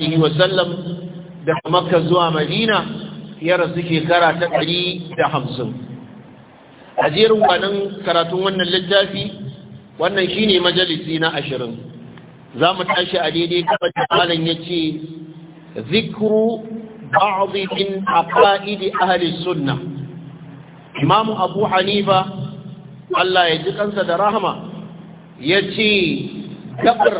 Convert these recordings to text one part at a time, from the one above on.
alaihi wasallam da makka zuwa madina yara suke karata 150 hajjirin wannan karatun wannan littafi wannan shine majalisi na ashirin. za mu tashi a daidai kamar da ya ce zikru ba'dhi min aqaidi ahli sunna imam abu hanifa Allah ya ji kansa da Rahma. ya ce gabar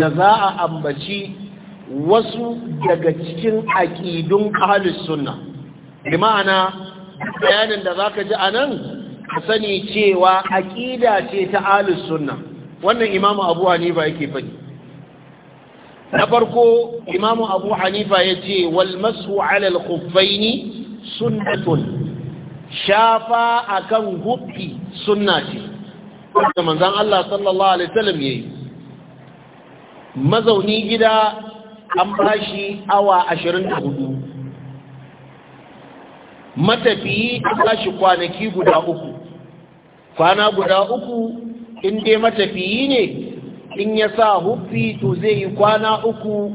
da za a ambaci wasu daga cikin aƙidun ahalus suna. bi ma'ana bayanin da zaka ji anan ka sani cewa aƙida ce ta ahalus suna. wannan imamu abu hanifa yake faɗi na farko imamu abu hanifa ya ce wal alal khuffaini sunnatun shafa akan hubbi sunna ce wanda manzon Allah sallallahu alaihi wasallam yayi mazauni gida an ba shi awa ashirin da hudu matafiyi an ba shi kwanaki guda uku kwana guda uku in dai matafiyi ne in ya sa huffi to zai yi kwana uku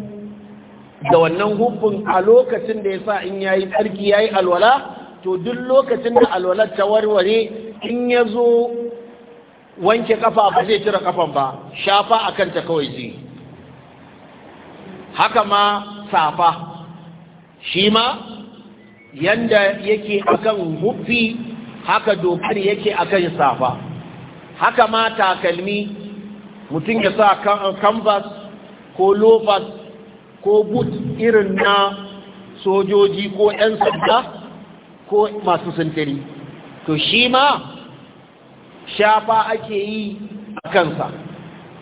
da wannan huffin a lokacin da ya sa in ya yi tsarki ya yi alwala to duk lokacin da alwalar ta warware in ya zo wanke kafa ba zai cire kafan ba shafa a kanta kawai zai haka ma safa shi ma yanda yake akan hufi haka dokar yake akan safa haka ma takalmi mutum ya sa canvas ko lobas ko but irin na sojoji ko 'yan sanda ko masu sintiri to shi ma shafa ake yi a kansa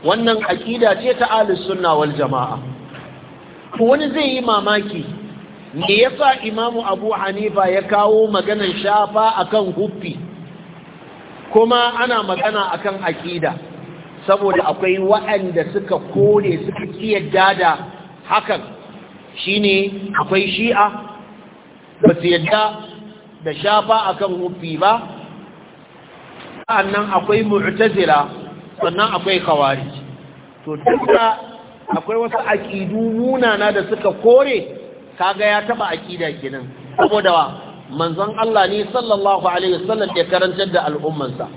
wannan aƙida ce ta alisunna wal jama'a wani zai yi mamaki me yasa imamu abu hanifa ya kawo maganan shafa akan hufi kuma ana magana akan akida saboda akwai waɗanda suka kore suka kiyar da hakan shine akwai shi'a ba su yadda da shafa akan hufi ba sannan akwai mu'tazila sannan akwai kawari to duka akwai wasu aƙidu munana da suka kore kaga ya taɓa aƙida ginin. saboda wa manzon Allah ne sallallahu alaihi wasallam ya karantar da al'ummansa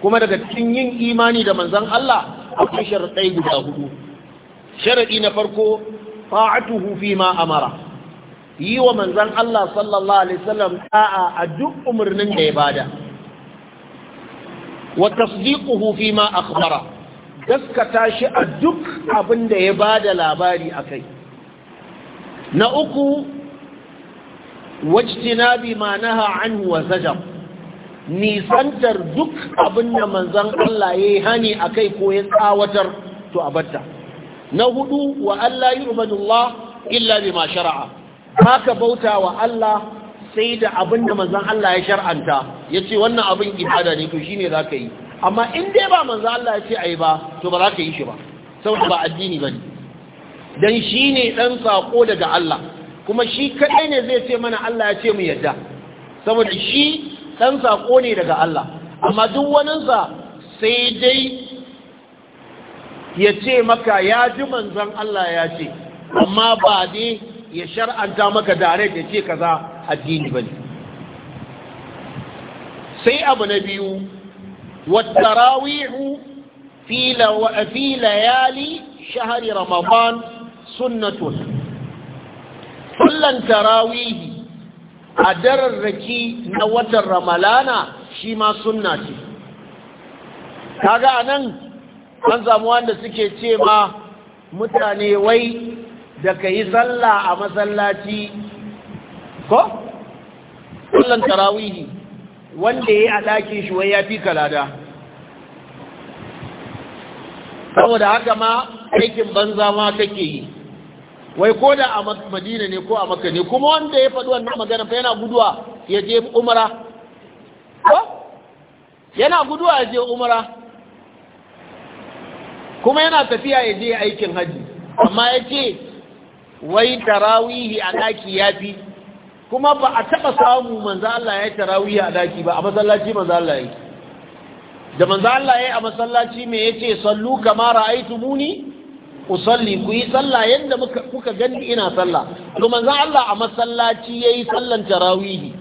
kuma daga cikin yin imani da manzon Allah akwai sharadai guda hudu sharadi na farko fa'atuhu fi ma amara yi wa manzon Allah sallallahu alaihi wasallam ta'a a duk umarnin da ya bada wa tasdiquhu fi ma akhbara gaskata shi a duk abin da ya ba da labari a kai na uku wajtinabi ma naha anhu wa zajam nisantar duk abin da manzon Allah yayi hani akai ko ya tsawatar to abatta na hudu wa alla yu'badullah illa ma shara'a. haka bauta wa Allah sai da abin da manzon Allah ya shar'anta ce wannan abin ibada ne to za ka yi amma in dai ba manzo Allah ya ce ayi ba to ba za ka yi shi ba saboda ba addini bane dan shine dan sako daga Allah kuma shi kadai ne zai ce mana Allah ya ce mu yadda saboda shi dan sako ne daga Allah amma duk waninsa sai dai ya ce maka ya ji manzon Allah ya ce amma ba dai ya shar'anta maka dare da ce kaza addini bane sai abu na biyu والتراويح في, لو في ليالي a رمضان سنة صلى تراويح أدر الركي نوة الرملانة شما سنة kaga anan an samu wanda suke ce ma mutane wai da ka yi sallah a masallaci ko? sallan tarawihi wanda ya yi a ɗakin shi wai ya fi kalada saboda haka ma aikin banza ma kake yi wai ko da a madina ne ko a maka ne kuma wanda ya faɗi wannan magana fa yana guduwa ya je umara ko yana guduwa ya je umara kuma yana tafiya ya je aikin haji amma ya ce wai tarawihi a ɗaki ya fi kuma ba a taɓa samu manzo Allah ya tarawihi a ɗaki ba a masallaci manzo Allah ya yi da manzo Allah yayi a masallaci me yace sallu kama ra'aytumuni usalli ku yi sallah yanda muka kuka gani ina sallah to manzo Allah a masallaci yayi sallan tarawihi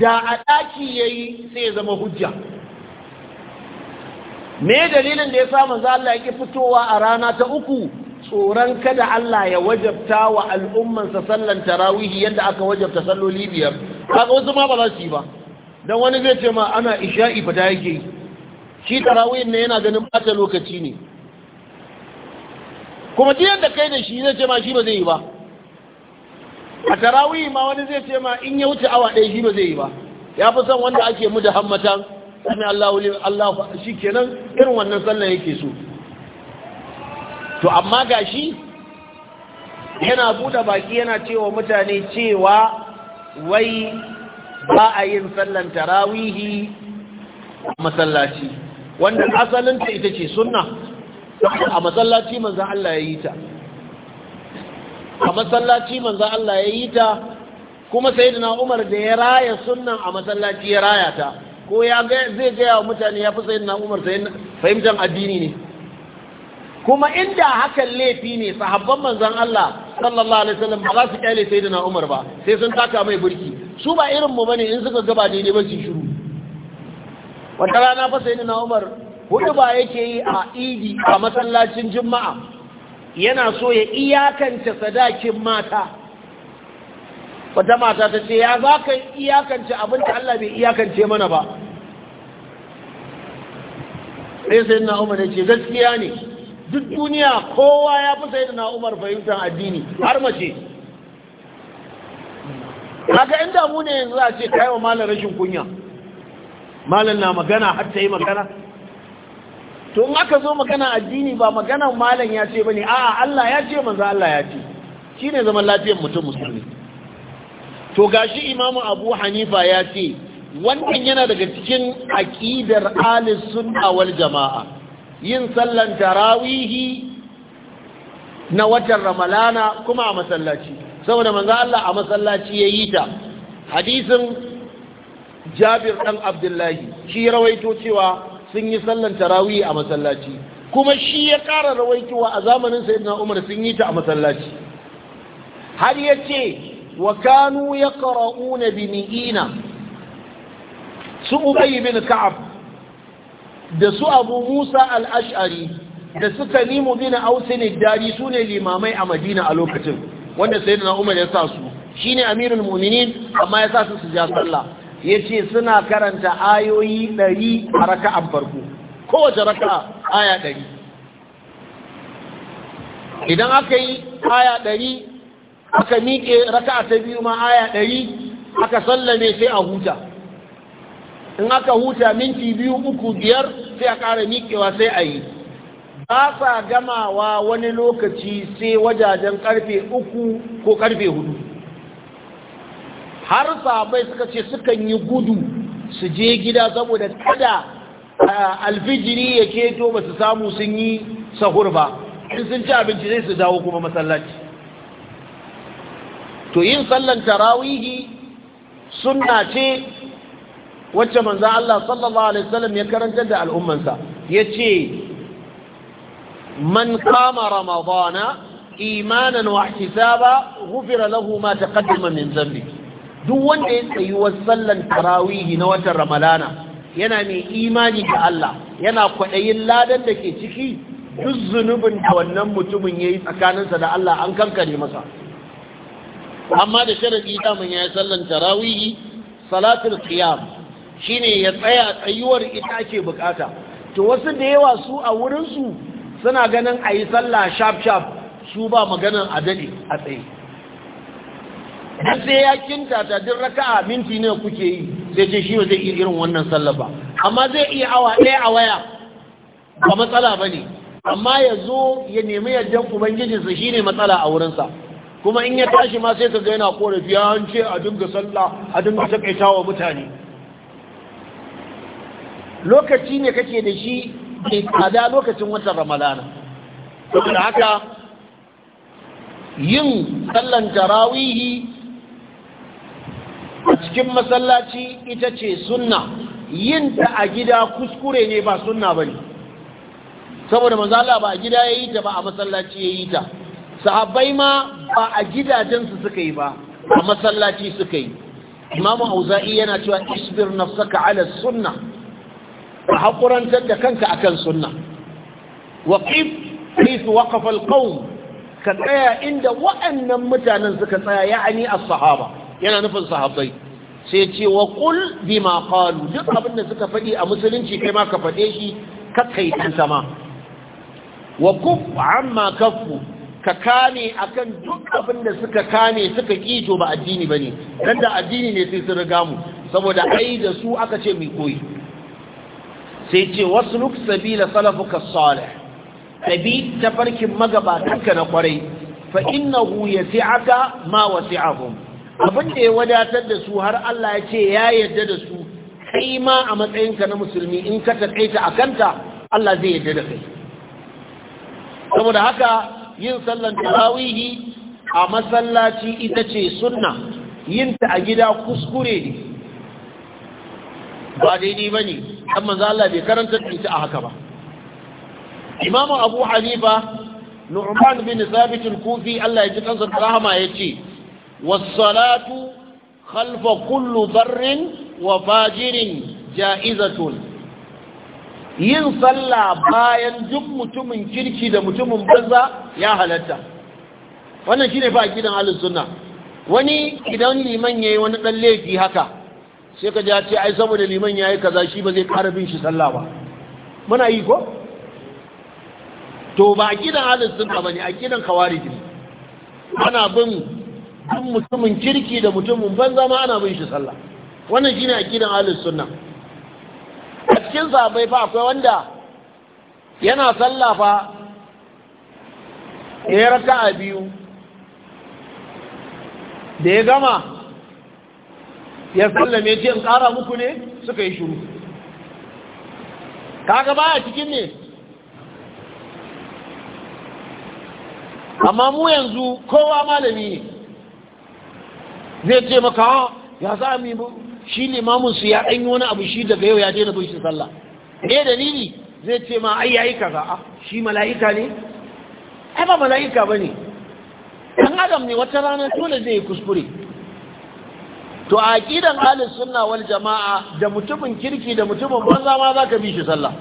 da a daki yayi sai ya zama hujja me dalilin da yasa manzo Allah yake fitowa a rana ta uku tsoron kada Allah ya wajabta wa al'ummansa sallan tarawihi yadda aka wajabta salloli biyar kaga wasu ma ba za su yi ba dan wani zai ce ma ana isha'i fa da yake yi shi tarawihin ne yana ganin bata lokaci ne kuma duk da kai da shi zai ce ma shi ba zai yi ba a tarawihi ma wani zai ce ma in ya wuce awa ɗaya shi ba zai yi ba ya fi son wanda ake mu da hammatan sami Allahu Allahu shi kenan irin wannan sallar yake so to amma ga shi yana buɗe baki yana cewa mutane cewa wai ba a yin sallan tarawihi masallaci wanda asalinta ita ce sunna a masallaci manzan Allah ya yi ta a masallaci manzan Allah ya yi ta kuma sayyidina Na'umar da ya raya sunan a masallaci ya raya ta ko ya zai gaya wa mutane ya fi sayyidina Umar fahimtar addini ne kuma inda hakan laifi ne sahabban manzan Allah sallallahu alaihi wasallam ba za su kyale da Na'umar ba sai sun taka mai burki su ba irin mu ne in suka gaba daidai ba su shiru wata rana fasa sai na Umar hudu ba yake yi a idi a masallacin juma'a yana so ya iyakance sadakin mata wata mata ta ce ya za ka iyakance abinda Allah bai iyakance mana ba sai sai na Umar ya ce gaskiya ne duk duniya kowa ya fasa sai na Umar fahimtar addini har mace haka inda mune yanzu a ce kai wa malar rashin kunya malam na magana har ta yi magana to in aka zo magana addini ba magana malam ya ce bane a'a Allah ya ce manzo Allah ya ce ne zaman lafiyar mutum musulmi to gashi imamu Abu Hanifa ya ce wannan yana daga cikin aqidar ahli sunna wal jamaa yin sallan tarawihi na watan ramalana kuma a masallaci saboda manzo Allah a masallaci yayi ta hadisin jabir ɗan abdullahi shi rawaito cewa sun yi sallan tarawih a masallaci kuma shi ya ƙara rawaitowa a zamanin sayyidina umar sun yi ta a masallaci har ya ce wa kanu ya ƙara'una bini'ina su ubayi bin ka'ab da su abu musa al'ash'ari da su tanimu bin ausin dari su ne limamai a madina a lokacin wanda sayyidina umar ya sa su shine amirul mu'minin amma ya sa su su ja sallah ya ce suna karanta ayoyi ɗari a raka'an farko kowace raka'a aya ɗari idan aka yi aya ɗari aka miƙe raka'a ta biyu ma aya ɗari aka sallame sai a huta in aka huta minti biyu uku biyar sai a ƙara miƙewa sai a yi ba sa gamawa wani lokaci sai wajajen ƙarfe uku ko ƙarfe hudu har sahabai suka ce sukan yi gudu su je gida saboda kada alfijiri ya keto ba su samu sun yi sahur ba in sun ci abinci zai su dawo kuma masallaci to yin sallan tarawihi sunna ce wacce manzo Allah sallallahu alaihi wasallam ya karanta da al'ummansa ce man kama ramadana imanan wa ihtisaba ghufira lahu ma taqaddama min dhanbihi duk wanda ya tsayi wa sallan tarawihi na watan ramadana yana mai imani ga Allah yana kwaɗayin ladan da ke ciki duk zunubin da wannan mutumin ya yi tsakaninsa da Allah an kankare masa amma da sharadi daman ya yi sallan tarawihi salatul qiyam shine ya tsaya tsayuwar ita ake bukata to wasu da yawa su a wurin su suna ganin ayi sallah sharp sharp su ba maganin a a tsaye Idan sai ya kinta ta duk raka'a minti ne kuke yi sai ce shi ba zai iya irin wannan sallah ba amma zai iya awa ɗaya a waya ba matsala ba ne amma ya zo ya nemi yardan ubangijinsa ne matsala a wurinsa kuma in ya tashi ma sai ka ga yana korafi ya an ce a dinga sallah a dinga takaita wa mutane lokaci ne kake da shi ke tsada lokacin watan ramadana saboda haka yin sallan tarawihi a cikin masallaci ita ce sunna yin ta a gida kuskure ne ba sunna ba ne saboda manzala ba a gida ya yi ta ba a masallaci ya yi ta sahabbai ma ba a gidajensu suka yi ba a masallaci suka yi imamu auza'i yana cewa isbir nafsaka ala sunna A haƙurantar da kanka akan sunna waqif haythu waqafa alqawm ka tsaya inda waɗannan mutanen suka tsaya ya'ani a sahaba yana nufin sahabbai sai ce wa qul bima qalu duk abin da suka faɗi a musulunci kai ma ka faɗe shi ka kai dan sama wa kuf amma kafu ka kame akan duk abin da suka kame suka kito ba addini bane dan da addini ne sai sun riga mu saboda ai da su aka ce mu koyi sai ce wasluk sabila salafuka salih tabi tafarkin magabatanka na kwarai fa innahu yasi'aka ma wasi'ahum abin da ya wadatar da su har Allah ya ce ya yarda da su kai ma a matsayinka na musulmi in ka taƙaita a kanta Allah zai yarda da kai saboda haka yin sallan tarawihi a masallaci ita ce sunna yinta a gida kuskure ne ba daidai ba ne kan Allah bai karanta ita a haka ba imamu abu hanifa nu'man bin sabit kufi Allah ya ji kansa rahama ce. والصلاة خلف كل بر وفاجر جائزة yin sallah bayan duk mutumin kirki da mutumin banza ya halatta wannan shi ne fa akidan ahlus sunna wani idan liman ya yi wani ɗan laifi haka sai ka ja ce ai saboda liman ya yi kaza shi ba zai ƙara bin shi sallah ba muna yi ko to ba a gidan akidan ahlus sunna bane akidan khawarij ana bin duk mutumin kirki da mutumin banza ma ana bin shi sallah wannan shine akidan ahlus sunna a cikin sahabbai fa akwai wanda yana sallah fa ya biyu da ya gama ya sallame ce in ƙara muku ne suka yi shuru kaga baya cikin ne amma mu yanzu kowa malami ne zai ce maka ah, ya za a mimu shi limamin ya ɗanyi wani abu shi daga yau ya daina na shi sallah me dalili zai ce ma ai yayi kaza a ah, shi mala'ika ne ai ba mala'ika bane ɗan adam ne wata rana dole zai kuskure to a ƙidan alis sunna wal jamaa da mutumin kirki da mutumin banza ma ka bi shi sallah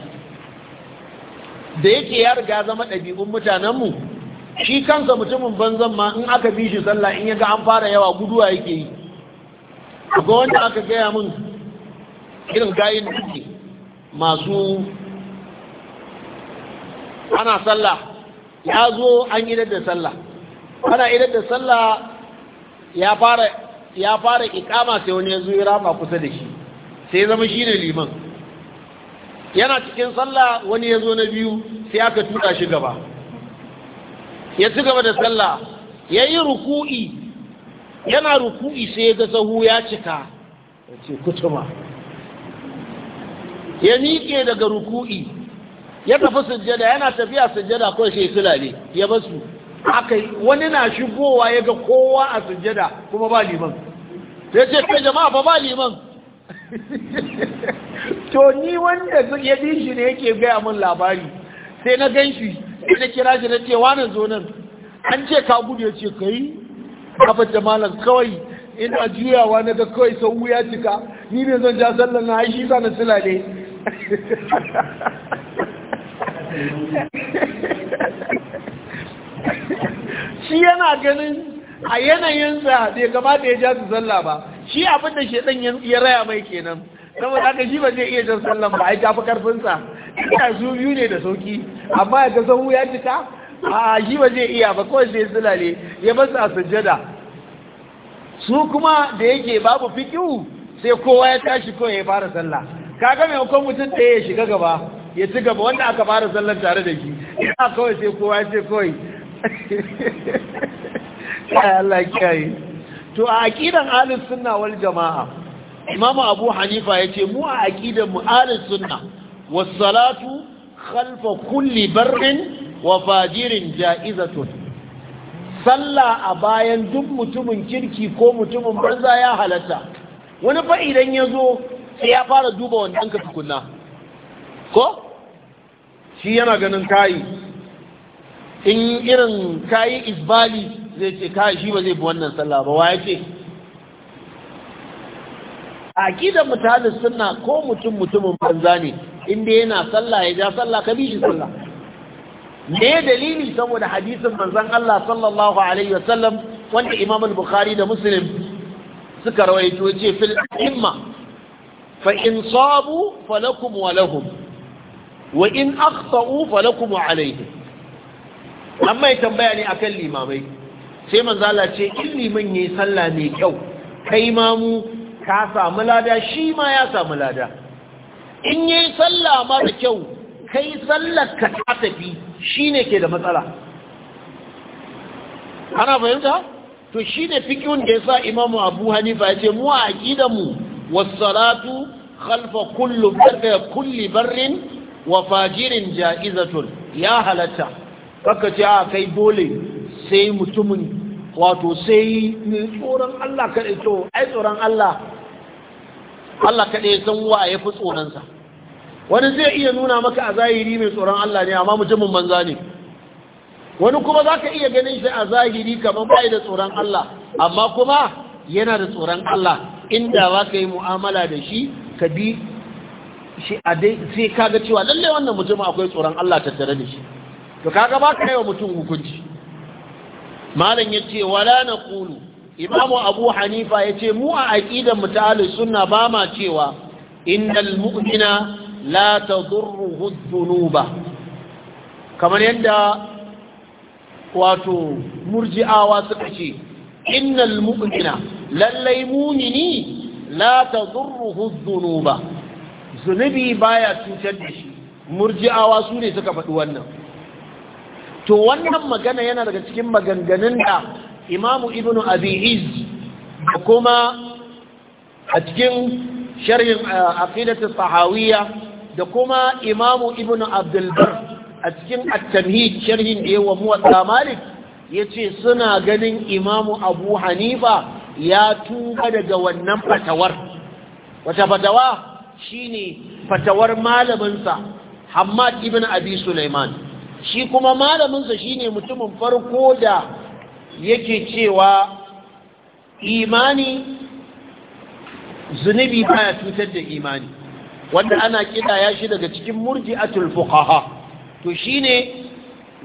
da yake ya riga zama ɗabi'un mutanenmu shi kansa mutumin banzan ma in aka bi shi sallah in yaga an fara yawa guduwa yake yi ga wanda aka gaya min irin gayin duki masu ana sallah ya zo an idar da sallah ana idar da sallah ya fara ya fara ikama sai wani ya zo ya rama kusa da shi sai zama shi ne liman yana cikin sallah wani ya zo na biyu sai aka tuta shi gaba ya ci gaba da sallah ya yi ruku'i yana ruku'i sai ya ga sahu ya cika ya ce kutuma ya miƙe daga ruku'i ya tafi sujjada yana tafiya sujjada kawai sai sulale ya basu aka wani na shigowa ya ga kowa a sujjada kuma ba liman ya ce kai jama'a fa ba liman to ni wanda ya bi shi ne yake gaya mun labari sai na gan shi sai na kira shi na ce wani zo nan an ce ka gudu ya ce ka yi kafa jamalan kawai ina juyawa na ga kawai sau wuya cika ni ne zan ja sallan na haishi sa na tulale shi yana ganin a yanayinsa bai gabata ya ja su sallah ba shi abin da ɗan ya raya mai kenan saboda haka shi ba zai iya jan sallan ba ai tafi karfinsa ina su biyu ne da sauki amma ya ga zahu ya cika a shi ba zai iya ba kawai zai sulale ya basu a sujjada su kuma da yake babu fikihu sai kowa ya tashi kawai ya fara sallah kaga mai hukun mutum ɗaya ya shiga gaba ya ci gaba wanda aka fara sallar tare da shi ina kawai sai kowa ya ce kawai kai Allah kai to a aqidan ahlus sunna wal jamaa imamu abu hanifa yace mu a aqidan mu ahlus sunna wasalatu khalfa kulli bar'in wa fajirin ja'izatun sallah a bayan duk mutumin kirki ko mutumin banza ya halatta wani fa idan ya zo sai ya fara duba wannan ka tukunna ko shi yana ganin kayi in irin kayi isbali zai ce kayi shi ba zai bi wannan sallah ba wa ya ce aƙidar mutanen suna ko mutum mutumin banza ne inda yana sallah ya ja sallah ka bi shi sallah ne dalili saboda hadisin manzon Allah sallallahu alaihi wasallam wanda Imam al-Bukhari da Muslim suka rawaito ce fil imma fa in sabu falakum wa lahum wa in akhtau falakum wa alaihim amma ya tambaya ne akan limamai sai manzo Allah ce in liman yayi sallah mai kyau kai ma mu ka samu lada shi ma ya samu lada in yayi sallah mara kyau kai sallar ka ta tafi shine ke da matsala ana fahimta to shine fikihun da yasa imamu abu hanifa ya ce mu a aqidanmu was-salatu khalfa kullu kulli barrin wa fajirin ja'izatun ya halatta kaka ce a kai dole sai mutumin wato sai ne tsoron Allah kaɗai to ai tsoron Allah Allah kaɗai san wa ya fi tsoronsa wani zai iya nuna maka a zahiri mai tsoron Allah ne amma mutumin manza ne wani kuma za ka iya ganin shi a zahiri kamar bai da tsoron Allah amma kuma yana da tsoron Allah inda ba ka yi mu'amala da shi ka bi shi a dai sai ka cewa lalle wannan mutum akwai tsoron Allah tattare da shi to kaga ba ka yi wa mutum hukunci malam ya ce wala na kulu imamu abu hanifa ya ce mu a aƙidan mu ta ahlus ba ma cewa innal mu'mina la tadurruhu kamar yadda wato murji'awa suka ce innal mu'mina lallai mumini la tadurruhu dhunuba zunubi baya cutar da shi murji'awa su ne suka faɗi wannan to wannan magana yana daga cikin maganganun da imamu ibn abi'iz da kuma a cikin sharhin aqidat tahawiyya da kuma imamu ibn abdul bar a cikin at-tamhid sharhin da yawa muwatta malik yace suna ganin imamu abu hanifa ya tuba daga wannan fatawar wata fatawa shine fatawar malaminsa Hamad ibn Abi Sulaiman shi kuma malaminsa shine mutumin farko da yake cewa imani zunubi baya cutar da imani wanda ana kidaya shi daga cikin murji'atul fuqaha to shine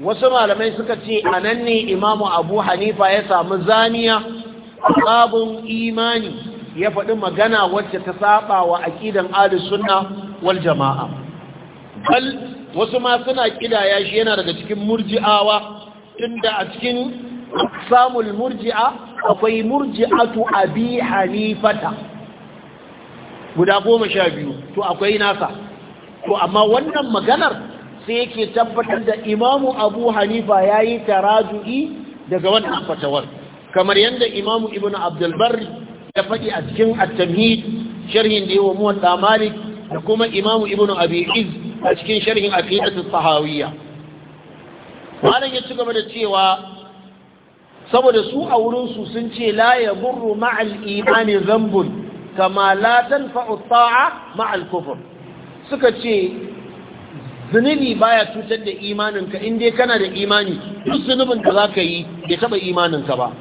wasu malamai suka ce anan ne imamu abu hanifa ya samu zaniya babun imani ya faɗi magana wacce ta saba wa aqidan ahlus sunna wal jama'a bal wasu ma suna kidaya shi yana daga cikin murji'awa tunda a cikin samul murji'a akwai murji'atu abi hanifata guda goma sha biyu to akwai nasa to amma wannan maganar sai yake tabbatar da imamu abu hanifa ya yi taraju'i daga wannan fatawar kamar yadda imamu ibn abdulbar ya faɗi a cikin attamhid sharhin da malik da kuma imamu ibn abi a cikin sharhin aqidatu sahawiyya malam ya ci gaba da cewa saboda su a wurinsu sun ce la ya burru ma'al imani zambun kama la tanfa'u ta'a ma'al kufur suka ce zunubi baya cutar da imaninka in dai kana da imani duk zunubin da zaka yi bai taba imaninka ba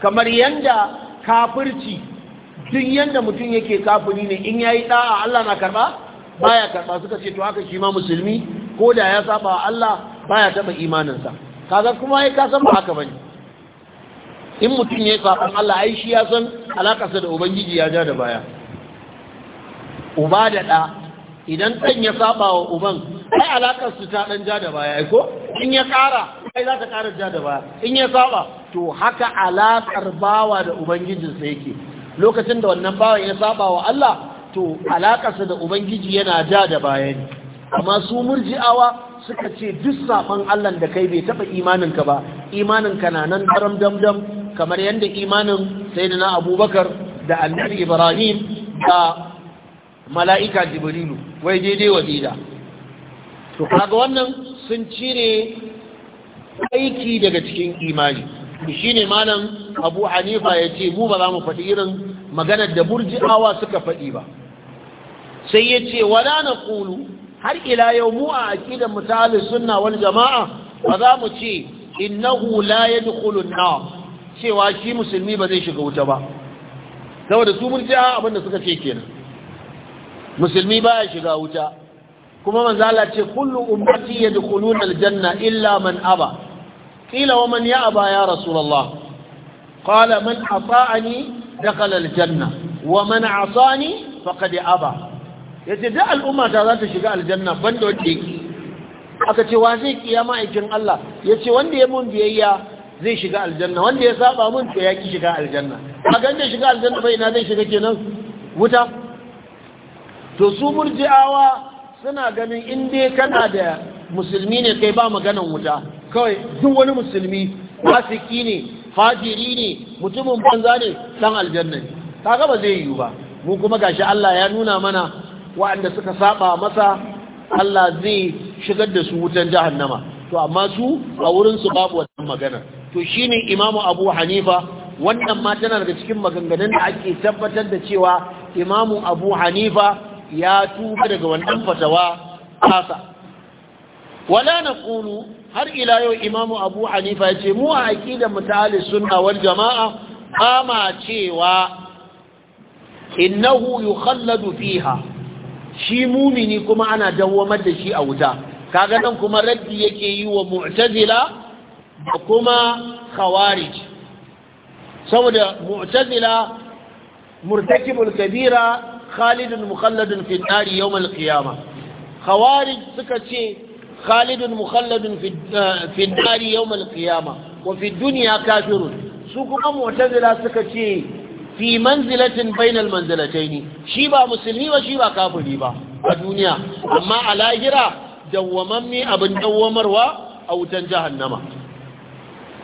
kamar yanda kafirci duk yanda mutum yake kafiri ne in yayi da'a Allah na karɓa baya karba suka ce to haka shi ma musulmi ko da ya saba Allah baya taba imaninsa kaga kuma ai kasan ba haka bane in mutum ya yi saƙon Allah ai shi ya san alaƙasa da ubangiji ya ja da baya uba da ɗa idan ɗan ya saba wa uban ai alaƙarsu ta ɗan ja da baya ko in ya ƙara ai za ta ƙara ja da baya in ya saba to haka alaƙar bawa da ubangijinsa yake lokacin da wannan bawan ya saba wa Allah to alaƙarsa da ubangiji yana ja da baya ne amma su murji'awa suka ce duk saɓon Allah da kai bai taɓa imaninka ba imaninka na nan daram dam dam kamar yadda imanin sayyidina abubakar da annabi ibrahim da mala'ika jibrilu wai daidai daida to kaga wannan sun cire aiki daga cikin imani shi ne malam abu hanifa ya ce mu ba za mu faɗi irin maganar da burji'awa suka faɗi ba sai ya ce wala na ƙulu har ila yau mu a aƙidar misali sunna wal jama'a ba za mu ce innahu la yadkhulun nar cewa shi musulmi ba zai shiga wuta ba saboda su murji'a abin da suka ce kenan musulmi baya shiga wuta kuma manzo Allah ce kullu ummati yadkhuluna aljanna illa man aba qila wa man ya'ba ya rasulullah qala man ata'ani dakhala aljanna wa man 'asani faqad aba yace da al'umma ta za ta shiga aljanna banda wanda yake aka ce wa zai kiyama aikin Allah yace wanda ya mun biyayya zai shiga aljanna wanda ya saba mun to ya ki shiga aljanna a ganda shiga aljanna bai na zai shiga kenan wuta to su murji'awa suna ganin in dai kana da musulmi ne kai ba maganan wuta kawai duk wani musulmi fasiki ne fajiri ne mutumin banza ne dan aljanna ne kaga ba zai yiwu ba mu kuma gashi Allah ya nuna mana waɗanda suka saba masa Allah zai shigar da su wutan jahannama to amma su a wurin su babu wannan magana to shine imamu abu hanifa wannan ma tana daga cikin maganganun da ake tabbatar da cewa imamu abu hanifa ya tuba daga wannan fatawa kasa wala na kunu har ila yau imamu abu hanifa ya ce mu a aƙidar mutane suna wal jama'a ama cewa innahu yukhalladu fiha shi mumini kuma ana dawwamar da shi a wuta kaga nan kuma raddi yake yi wa mu'tazila da kuma khawarij saboda mu'tazila murtakibul kabira khalidun mukhalladun fi nari yawmal qiyama khawarij suka ce khalidun mukhalladun fi eh, nari yawmal qiyama wa fi dunya kafirun su kuma mu'tazila suka ce fi manzilatin bainal manzilataini shi ba musulmi ba shi ba kafiri ba a duniya amma a lahira dawwamammi abin dawwamarwa a wutan jahannama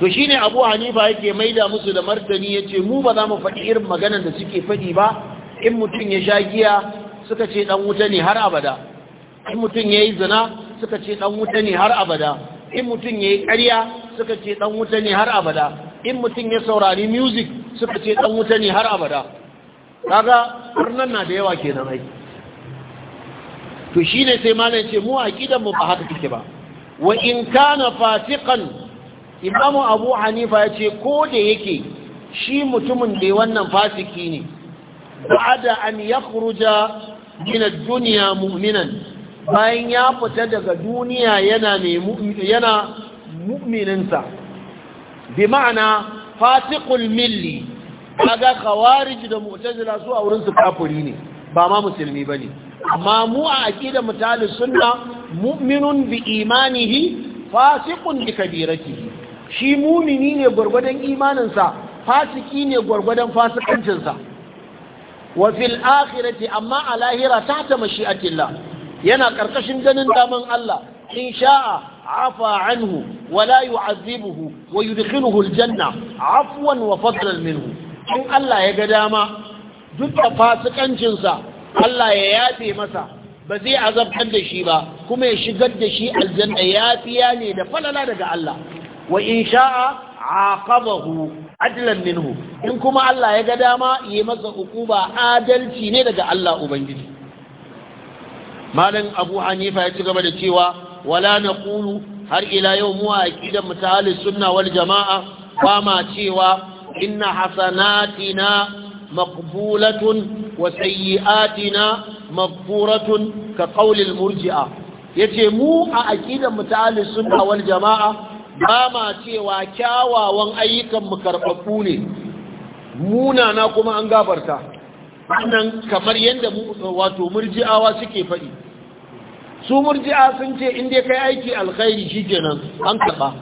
to shine abu hanifa yake maida musu da martani yace mu ba za mu faɗi irin maganar da suke faɗi ba in mutum ya sha giya suka ce dan wuta ne har abada in mutum yayi zina suka ce dan wuta ne har abada in mutum yayi ƙarya suka ce dan wuta ne har abada in mutum ya saurari music suka ce dan wuta ne har abada kaga nan na da yawa kenan ai to shine sai malam ce mu aqidan mu ba haka take ba wa in kana fasiqan imamu abu hanifa ya ce ko da yake shi mutumin da wannan fasiki ne ba'ada an ya kuruja gina duniya mu'minan bayan ya fita daga duniya yana mu'mininsa bi ma'ana fasikul milli kaga kawarij da mu'tazila su a wurin su kafiri ne ba ma musulmi ne. amma mu a aqida mutalis sunna mu'minun bi imanihi fasikun bi kabiratihi shi mumini ne gwargwadon imaninsa fasiki ne gwargwadon fasikancinsa wa fil akhirati amma a lahira a mashi'atillah yana karkashin ganin daman Allah in sha'a afa anhu wa la yu'azzibuhu wa yudkhiluhu aljanna afwan wa fadlan minhu in Allah ya ga dama duk da fasikancinsa Allah ya yafe masa ba zai azabtar da shi ba kuma ya shigar da shi aljanna yafiya ne da falala daga Allah wa in sha'a aqabahu adlan minhu in kuma Allah ya ga dama yi masa hukuma adalci ne daga Allah ubangiji malam Abu Hanifa ya ci gaba da cewa wala naqulu har ila yau mu a aqidan mutahalis sunna wal jamaa ba ma cewa inna hasanatina maqbulatun wa sayyi'atina maghfuratun ka qawlil murji'a yace mu a aqidan mutahalis sunna wal jamaa ba ma cewa kyawawan ayyukan mu karɓaɓɓu ne munana kuma an gabarta wannan kamar yadda wato murji'awa suke faɗi su murji'a sun ce inda kai aiki alkhairi nan an karɓa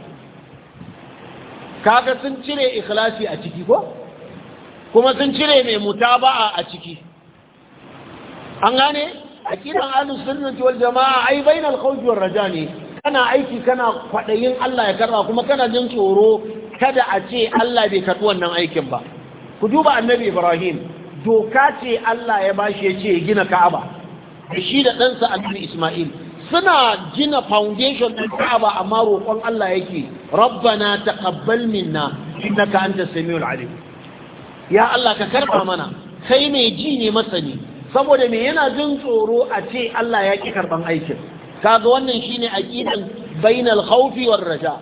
kaga sun cire ikhlasi a ciki ko kuma sun cire mai mutaba a ciki an gane a ahlus sunnati jama'a ai bainal khawfi war raja ne kana aiki kana kwaɗayin Allah ya karba kuma kana jin tsoro kada a ce Allah bai karɓi wannan aikin ba ku duba annabi Ibrahim doka ce Allah ya bashi ya ce gina Ka'aba shi da ɗansa annabi Ismail suna gina foundation ɗin Ka'aba amma roƙon Allah yake rabbana taqabbal minna innaka antas samiul alim ya Allah ka karɓa mana kai mai ji ne masani saboda me yana jin tsoro a ce Allah ya ki karɓan aikin kaga wannan shine aqidan bainal khawfi war raja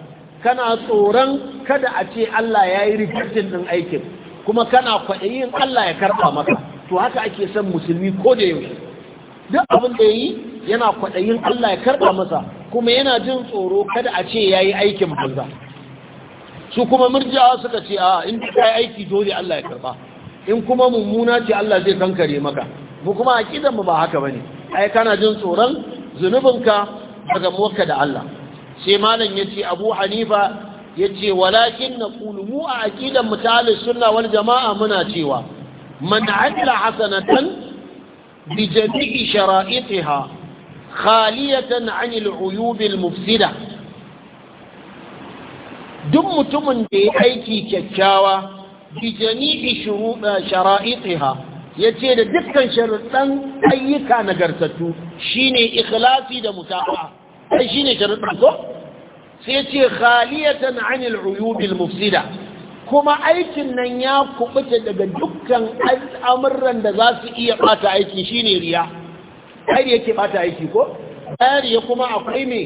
kana tsoron kada a ce Allah yayi rejectin din aikin kuma kana kwaɗayin Allah ya karɓa maka to haka ake son musulmi ko da yaushe duk abin da yi yana kwaɗayin Allah ya karɓa masa kuma yana jin tsoro kada a ce yayi aikin banza su kuma murjawa suka ce a in ka yi aiki dole Allah ya karɓa in kuma mummuna ce Allah zai kankare maka mu kuma aqidan mu ba haka bane ai kana jin tsoron zunubinka daga muka da Allah sai malam ya ce abu hanifa ya ce walakin na mu a aƙidan mutalin suna wani jama'a muna cewa man adla hasanatan bi jami'i shara'itiha khaliyatan an al'uyubil mufsida duk mutumin da ya aiki kyakkyawa bi jami'i eh, shara'itiha ya ce da dukkan sharuɗan ayyuka nagartattu shine ikhlasi da muta'a ai shine sharuɗan ko sai ya ce khaliyatan anil uyubil mufsida kuma aikin nan ya kubuta daga dukkan al'amuran da za su iya bata aiki shine riya ai da yake bata aiki ko ya kuma akwai me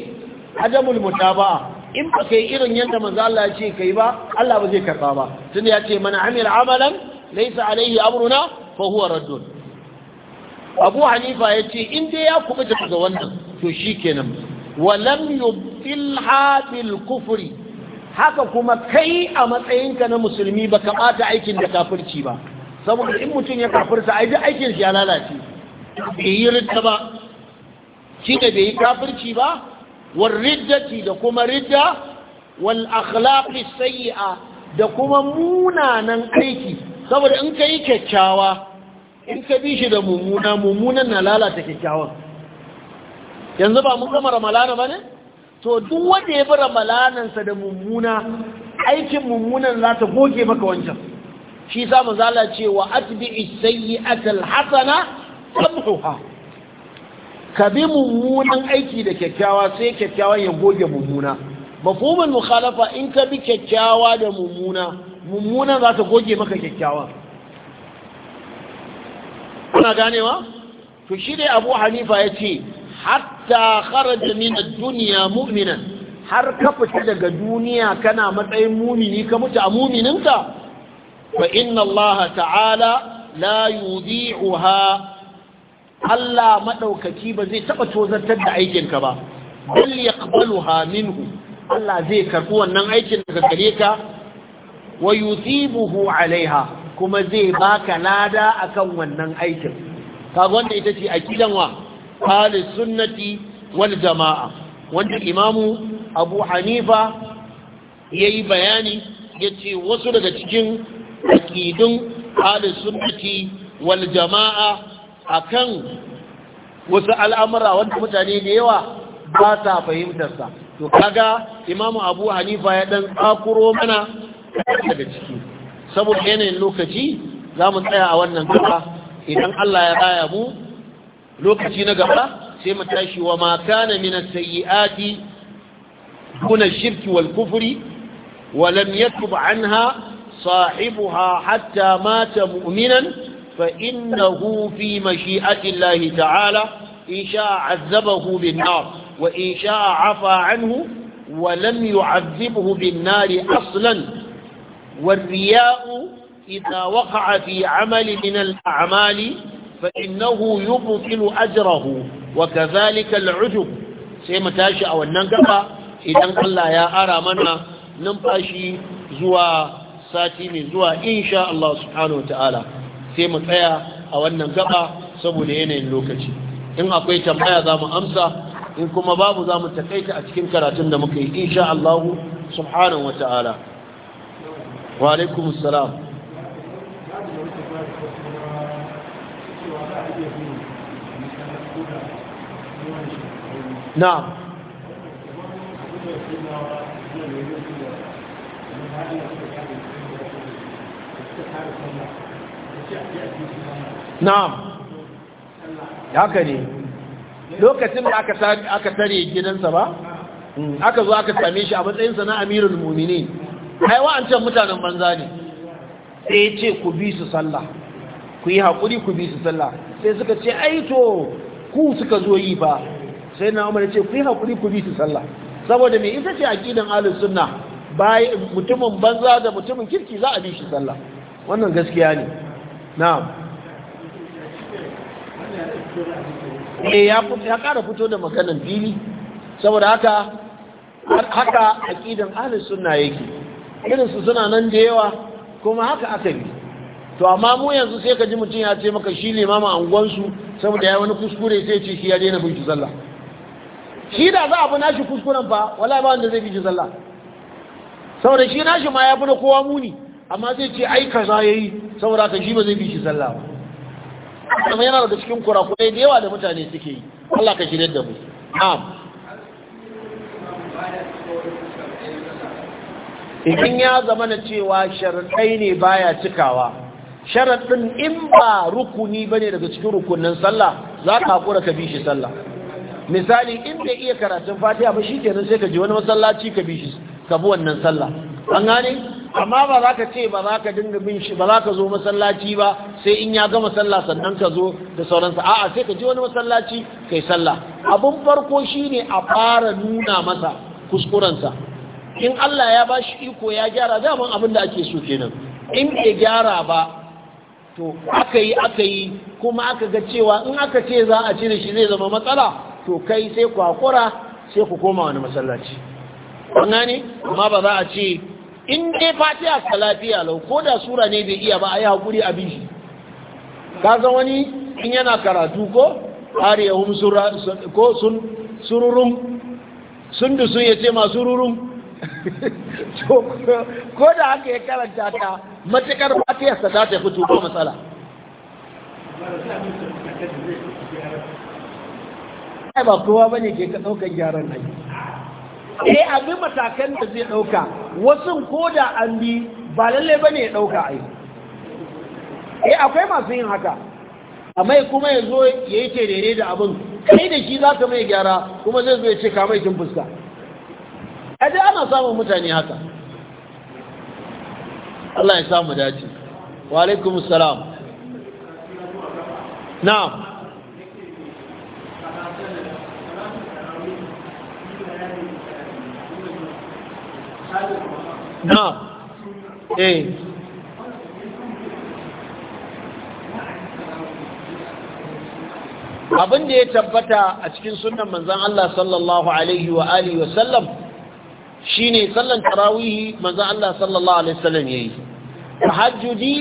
adamul mutaba'a in ba kai irin yadda manzo Allah ya ce kai ba Allah ba zai karba ba tunda ya ce mana amil amalan laysa alaihi amruna fa huwa raddun abu hanifa yace in dai ya kubuta daga wannan to shi kenan lam yubtilha bil kufri haka kuma kai a matsayinka na musulmi ba kamata aikin da kafirci ba saboda in mutum ya kafirta ai duk aikin shi ya lalace bai yi ridda ba shi da bai yi kafirci ba wal riddati da kuma ridda wal akhlaqi sayyi'a da kuma munanan aiki saboda in ka yi kyakkyawa in ka bi shi da mummuna mummunan na lalata kyakkyawan yanzu ba mu gama ramalana ba ne to duk wanda ya bi ramalanansa da mummuna aikin mummunan za ta goge maka wancan shi sa zala cewa wa atbi'i atal hasana tamhuha ka bi mummunan aiki da kyakkyawa sai kyakkyawan ya goge mummuna mafhumul mukhalafa in ka bi kyakkyawa da mummuna mummunan za ta goge maka kyakkyawan kuna ganewa to shi dai abu hanifa ya ce hatta kharaja min ad-dunya mu'minan har ka fita daga duniya kana matsayin mumini ka mutu a mumininka fa inna Allah ta'ala la yudhi'uha Allah madaukaki ba zai taba tozartar da aikinka ba bal yaqbaluha minhu Allah zai karbi wannan aikin daga gare ka wa yuthibuhu alaiha kuma zai baka lada akan wannan aikin kaga wanda ita ce akidan wa ahli sunnati wal jamaa wanda imamu abu hanifa yayi bayani yace wasu daga cikin akidun ahli sunnati wal jamaa akan wasu al'amura wanda mutane da yawa ba sa fahimtarsa to kaga imamu abu hanifa ya dan tsakuro mana daga ciki saboda yanayin lokaci za mu tsaya a wannan gaba idan Allah ya raya mu lokaci na gaba sai mu tashi wa ma kana min sayyiati kuna shirki wal kufri wa lam yatub anha sahibuha hatta mata mu'minan fa innahu fi mashi'ati Allah ta'ala in sha'a 'azzabahu bin nar wa in sha'a 'afa 'anhu wa lam yu'adhibhu bin nar aslan والرياء إذا وقع في عمل من الأعمال فإنه يبطل أجره وكذلك العجب سيما تاشي أو النقبة إذا قال يا أرى منا نمتاشي زوا ساتي من زوا إن شاء الله سبحانه وتعالى سيما تايا أو النقبة سبو لين اللوكتي إن أقويت معي ذا أمسى in kuma babu za mu takaita a cikin karatun da muka yi insha Allah subhanahu wa ta'ala wa alaikum assalam na'am na'am haka ne lokacin da aka tare gidansa ba aka zo aka same shi a matsayinsa na amirul muminin ai wa'ancan mutanen banza ne sai ya ce ku bi su sallah ku yi haƙuri ku bi su sallah sai suka ce ai to ku suka zo yi ba sai na umar ce ku yi haƙuri ku bi su sallah saboda me ita ce aƙidan ahlus suna bayan mutumin banza da mutumin kirki za a bi shi sallah wannan gaskiya ne na'am eh ya ya ƙara fito da maganan fili saboda haka haka aƙidan ahlus suna yake irinsu suna nan da yawa kuma haka aka bi to amma mu yanzu sai ka ji mutum ya ce maka shi ne, mama angonsu saboda ya wani kuskure sai ce shi ya daina bin sallah shi da za a bi nashi kuskuren fa wala ba wanda zai bi sallah saboda shi nashi ma ya fi na kowa muni amma zai ce ai ya yayi saboda ka shi ba zai bi shi sallah ba kuma yana daga cikin kurakurai da yawa da mutane suke yi Allah ka shirya da mu na'am idan ya zama na cewa sharaɗai ne baya cikawa sharaɗin in ba rukuni ba ne daga cikin rukunin sallah za ka haƙura ka bi sallah misali in bai iya karatun fatiha ba shi kenan sai ka ji wani masallaci ka bi shi ka bi wannan sallah an gane amma ba za ka ce ba za ka dinga bin shi ba za ka zo masallaci ba sai in ya gama sallah sannan ka zo da sauransa a'a sai ka ji wani masallaci kai sallah abun farko shine a fara nuna masa kuskurensa in Allah ya ba shi iko ya gyara daman abin da ake so kenan in bai gyara ba to aka yi aka yi kuma aka ga cewa in aka ce za a cire shi zai zama matsala to kai sai ku hakura sai ku koma wani masallaci an gane amma ba za a ce in dai fatiha ta lafiya lau ko da sura ne bai iya ba a yi hakuri a bishi ka ga wani in yana karatu ko ariyahum sun ya ce masu rurum ko da haka ya karanta ta matakar fatiyarsa za ta fito ko matsala ai ba kowa bane ke ka ɗaukar gyaran nan eh abin matakan da zai ɗauka wasu ko da an bi ba lalle bane ya ɗauka ai eh akwai masu yin haka amma kuma ya zo ya yi da abin kai da shi za ka mai gyara kuma zai zo ya ce ka mai kin fuska a ana samun mutane haka Allah ya samu dace wa alaikum salam na'am na'am eh abin da ya tabbata a cikin sunan manzon Allah sallallahu alaihi wa alihi wa sallam shine sallan tarawihi manzon Allah sallallahu alaihi wasallam yayi tahajjudi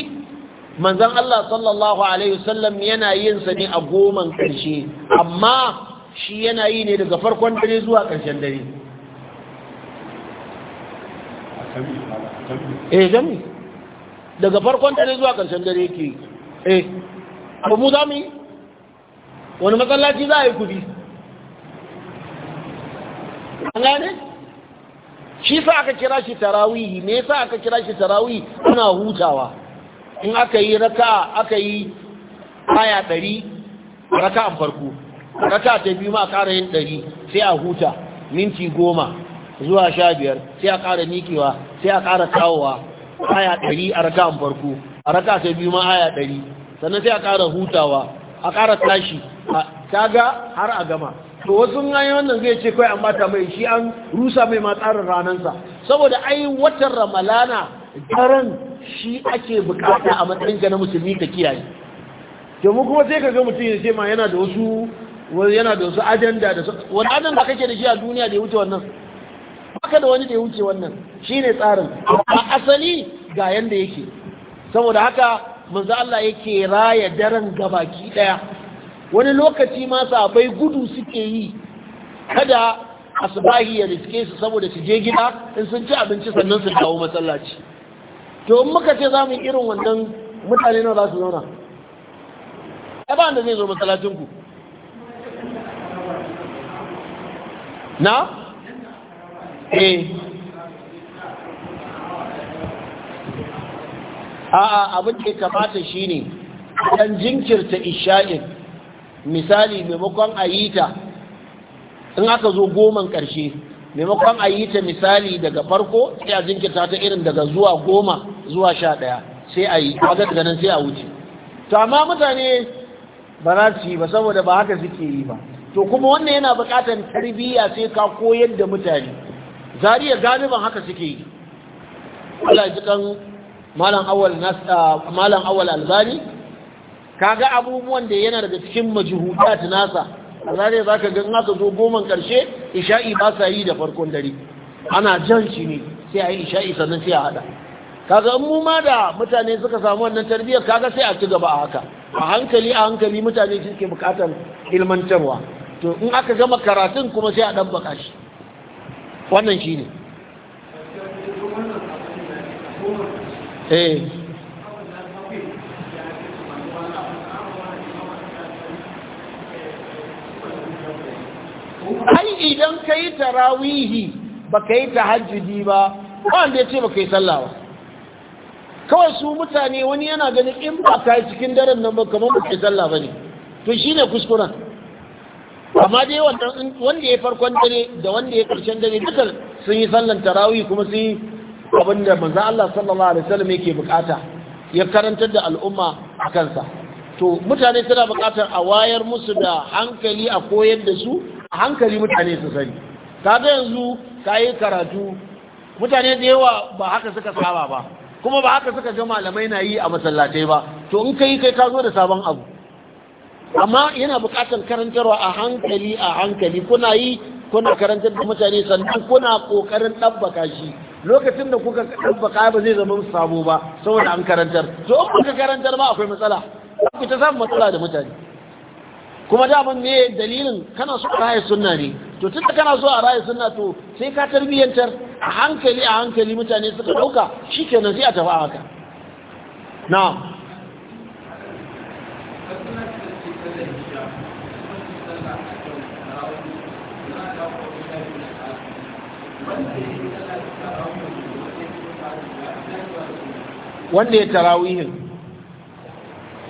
manzan Allah sallallahu alaihi wasallam yana yinsa ne a goman ƙarshe, amma shi yana yi ne daga farkon dare zuwa ƙarshen dare eh jami daga farkon dare zuwa ƙarshen dare yake eh ba mu za mu yi wani matsalaci za a yi kudi an gane? shi sa aka kira shi tarawihi me yasa aka kira shi tarawihi ana hutawa in aka yi raka aka yi aya ɗari raka an farko raka ta biyu ma ƙara yin ɗari sai a huta minti goma zuwa sha biyar sai a ƙara miƙewa sai a ƙara kawowa aya ɗari a raka an farko a raka ta biyu ma aya ɗari sannan sai a ƙara hutawa a ƙara tashi ta ga har a gama to wasu yi wannan zai ce kai amma ta mai shi an rusa mai matsarin ranansa saboda ai watan ramalana daren shi ake bukata a matsayin ka na musulmi ka kiyaye domin kuma sai ka ga mutum ya ce ma yana da wasu yana da wasu ajanda da wani da kake da shi a duniya da ya wuce wannan haka da wani da ya wuce wannan shine tsarin a asali ga yanda yake saboda haka manzo Allah yake raya daren gabaki daya wani lokaci ma sabai gudu suke yi kada asbahi ya riske su saboda su je gida in sun ci abinci sannan su dawo masallaci to in muka ce za mu irin wannan mutane na za su zauna ya ba da zai zo masallacinku na? eh a'a abin da ya kamata shine dan jinkirta isha'in misali maimakon a in aka zo goman ƙarshe maimakon ayita misali daga farko sai a jinkirta ta irin daga zuwa goma zuwa sha ɗaya sai a yi daga nan sai a wuce to amma mutane ba za su yi ba saboda ba haka suke yi ba to kuma wannan yana bukatar tarbiyya sai ka koyar da mutane zariya galiban haka suke yi Allah ji kan awal ah, malam awal albani kaga abubuwan da yana daga cikin majhudat nasa azare zaka ga in aka zo goman karshe isha'i ba sa yi da farkon dare ana jan shi ne sai a isha'i sannan sai a hada kaga in mu ma da mutane suka samu wannan tarbiyyar kaga sai a ci gaba a haka a hankali a hankali mutane ke bukatar ilmantarwa to in aka gama karatun kuma sai a dan baka shi wannan shine eh ai idan kayi tarawihi ba ka yi tahajjudi ba wanda ya ce ba yi sallah ba kawai su mutane wani yana ganin in ba ka cikin daren nan ba kamar ba kai yi sallah ba ne to shi ne kuskuren amma dai wanda ya farkon dare da wanda ya karshen dare dukkan sun yi sallan tarawihi kuma sun yi abin da manzo Allah sallallahu alaihi wasallam yake bukata ya karantar da al'umma a kansa to mutane suna bukatar a wayar musu da hankali a koyar da su a hankali mutane su sani kaga yanzu ka yi karatu mutane da yawa ba haka suka saba ba kuma ba haka suka ga malamai na yi a masallatai ba to in kai kai ka zo da sabon abu amma yana bukatar karantarwa a hankali a hankali kuna yi kuna karantar da mutane sannan kuna ƙoƙarin ɗabbaka shi lokacin da kuka dabbaka ba zai zama sabo ba saboda an karantar to in kuka karantar ma akwai matsala ku ta samu matsala da mutane kuma daman ne dalilin kana so a raya suna ne to tun da kana so a raya suna to sai ka tarbiyyantar a hankali a hankali mutane suka ɗauka shi nan sai a tafi a haka na wanda ya tarawihin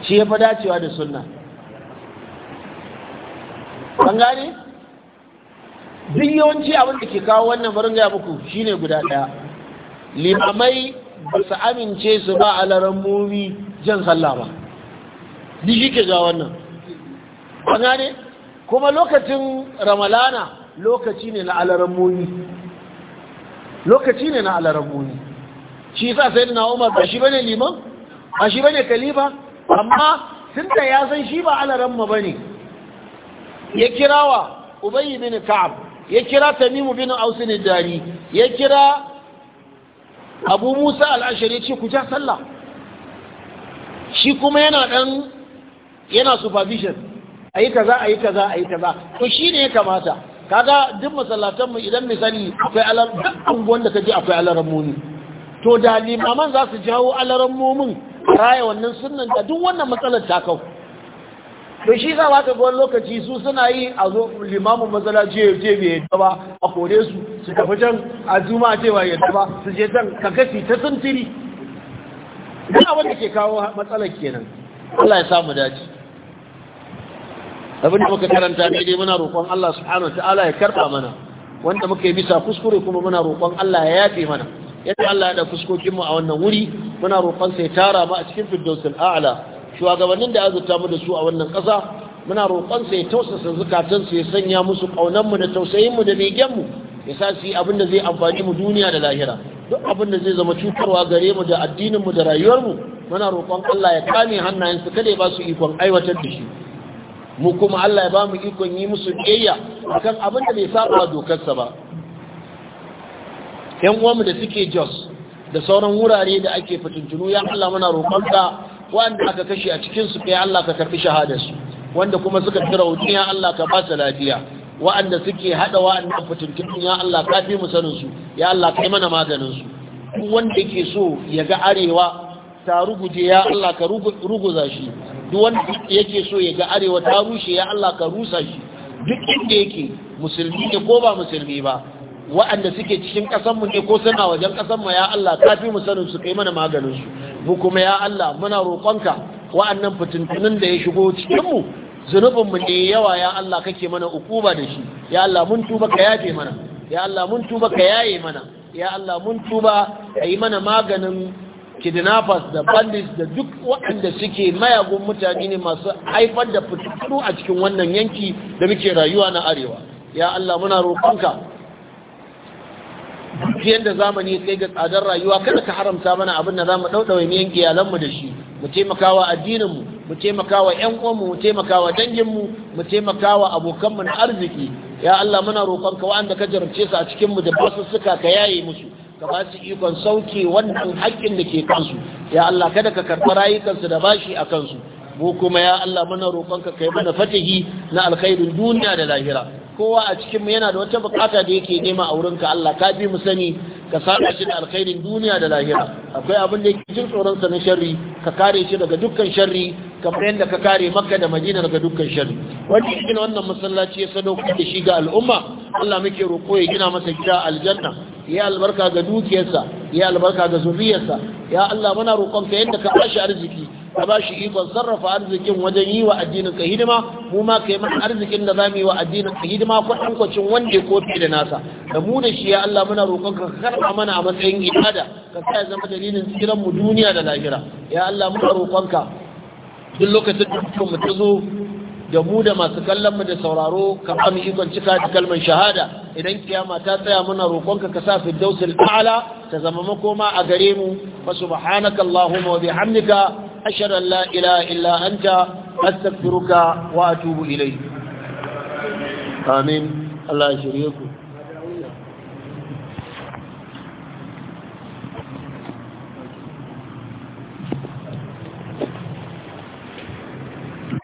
shi ya fi dacewa da sunna an gane duk yawanci abin da ke kawo wannan barin gaya muku shine guda ɗaya limamai ba su amince su ba a laran mumi jan sallah ba duk shi ke ga wannan an gane kuma lokacin ramalana lokaci ne na alaran mumi lokaci ne na alaran mumi shi sa sai na umar ba shi bane liman ba shi bane kalifa amma tun da ya san shi ba alaran ba ne. ya kirawa ubay bin ka'ab ya kira tamimu bin ausin dari ya kira abu musa al-ashari ce ku ja sallah shi kuma yana dan yana supervision yi kaza yi kaza yi kaza to ne ya kamata kaga duk masallatan mu idan misali akwai alar anguwan da ji akwai alaran muni to da limaman za su jawo alaran mumin raya wannan sunan da duk wannan matsalar ta kawo to shi za ka ga lokaci su suna yi a zo limamin matsala ya ce bai yadda ba a kore su su tafi can a juma cewa yadda ba su je can ka kashi ta sintiri duk abin ke kawo matsalar kenan Allah ya samu dace abin da muka karanta ne dai muna roƙon Allah subhanahu ta'ala ya karba mana wanda muka yi bisa kuskure kuma muna roƙon Allah ya yafe mana yadda Allah ya da fuskokinmu a wannan wuri muna roƙon sai tara mu a cikin firdausul a'la shugabannin da azurta mu da su a wannan ƙasa muna roƙonsa ya tausasa su ya sanya musu ƙaunanmu da tausayinmu da begenmu ya sa su yi abin da zai amfani mu duniya da lahira duk abin da zai zama cutarwa gare mu da addininmu da rayuwarmu muna roƙon Allah ya kame hannayensu kada ya ba su ikon aiwatar da shi mu kuma Allah ya ba mu ikon yi musu ƙiyayya akan abin da bai saba dokarsa ba yan uwanmu da suke Jos da sauran wurare da ake fitintunu ya Allah muna roƙonka wanda aka kashe a cikin su kai Allah ka karbi shahadarsu wanda kuma suka fi rauni ya Allah ka ba su lafiya wa'anda suke haɗa wa'annan fitintun ya Allah ka fi mu sanin su ya Allah ka yi mana maganin su duk wanda yake so ya ga arewa ta ruguje ya Allah ka ruguza shi duk wanda yake so ya ga arewa ta rushe ya Allah ka rusa shi duk inda yake musulmi ne ko ba musulmi ba wa'anda suke cikin ƙasanmu ne ko suna wajen ƙasanmu ya Allah ka fi mu sanin su kai mana maganin su mu kuma ya Allah muna roƙonka wa'annan fitintunin da ya shigo cikinmu zunubinmu ne yawa ya Allah kake mana ukuba da shi ya Allah mun tuba ka yafe mana ya Allah mun tuba ka yaye mana ya Allah mun tuba ka yi mana maganin kidnappers da bandits da duk waɗanda suke mayagun mutane ne masu haifar da fitintunu a cikin wannan yanki da muke rayuwa na arewa ya Allah muna roƙonka da zamani ya kai ga tsadar rayuwa kada ka haramta mana abin da za zamu ɗauɗaure ne yanke yalanmu da shi mu taimakawa addininmu mu taimakawa ƴan uwanmu mu taimakawa danginmu mu taimakawa abokanmu na arziki ya Allah muna roƙonka wa'anda ka jarabce su a cikin mu da basussuka ka yaye musu ka ba su ikon sauke wannan haƙƙin da ke kansu ya Allah kada ka karɓi rayukansu da bashi a kansu mu kuma ya Allah muna roƙonka kai mana fatihi na alkhairin duniya da lahira kowa a cikinmu yana da wata bukata da yake nema a wurinka Allah ka bi mu sani ka saba shi da alkhairin duniya da lahira akwai abin da yake jin tsoron sa na sharri ka kare shi daga dukkan sharri kamar yadda ka kare Makka da Madina daga dukkan sharri wanda yake wannan masallaci ya sadaukar da shi ga al'umma Allah muke roƙo ya gina masa gida aljanna ya albarka ga dukiyarsa ya albarka ga zuriyarsa ya Allah muna roƙonka yadda ka bashi arziki ka bashi ikon sarrafa arzikin wajen yi wa addinin ka hidima mu ma kai mana arzikin da zamu yi wa addinin ka hidima ko an kwacin wanda ya kofi da nasa da mu da shi ya Allah muna roƙonka ka karɓa mana a matsayin ibada ka sa ya zama dalilin tsiran mu duniya da lahira ya Allah muna roƙonka duk lokacin da mutum ta zo da mu da masu kallon mu da sauraro ka ba mu ikon cika da kalmar shahada idan kiyama ta tsaya muna roƙonka ka sa firdausul a'la ta zama makoma a gare mu fa subhanaka allahumma wa bihamdika ashhadu an la ilaha illa anta astaghfiruka wa atubu ilayk amin Allah ya shirye ku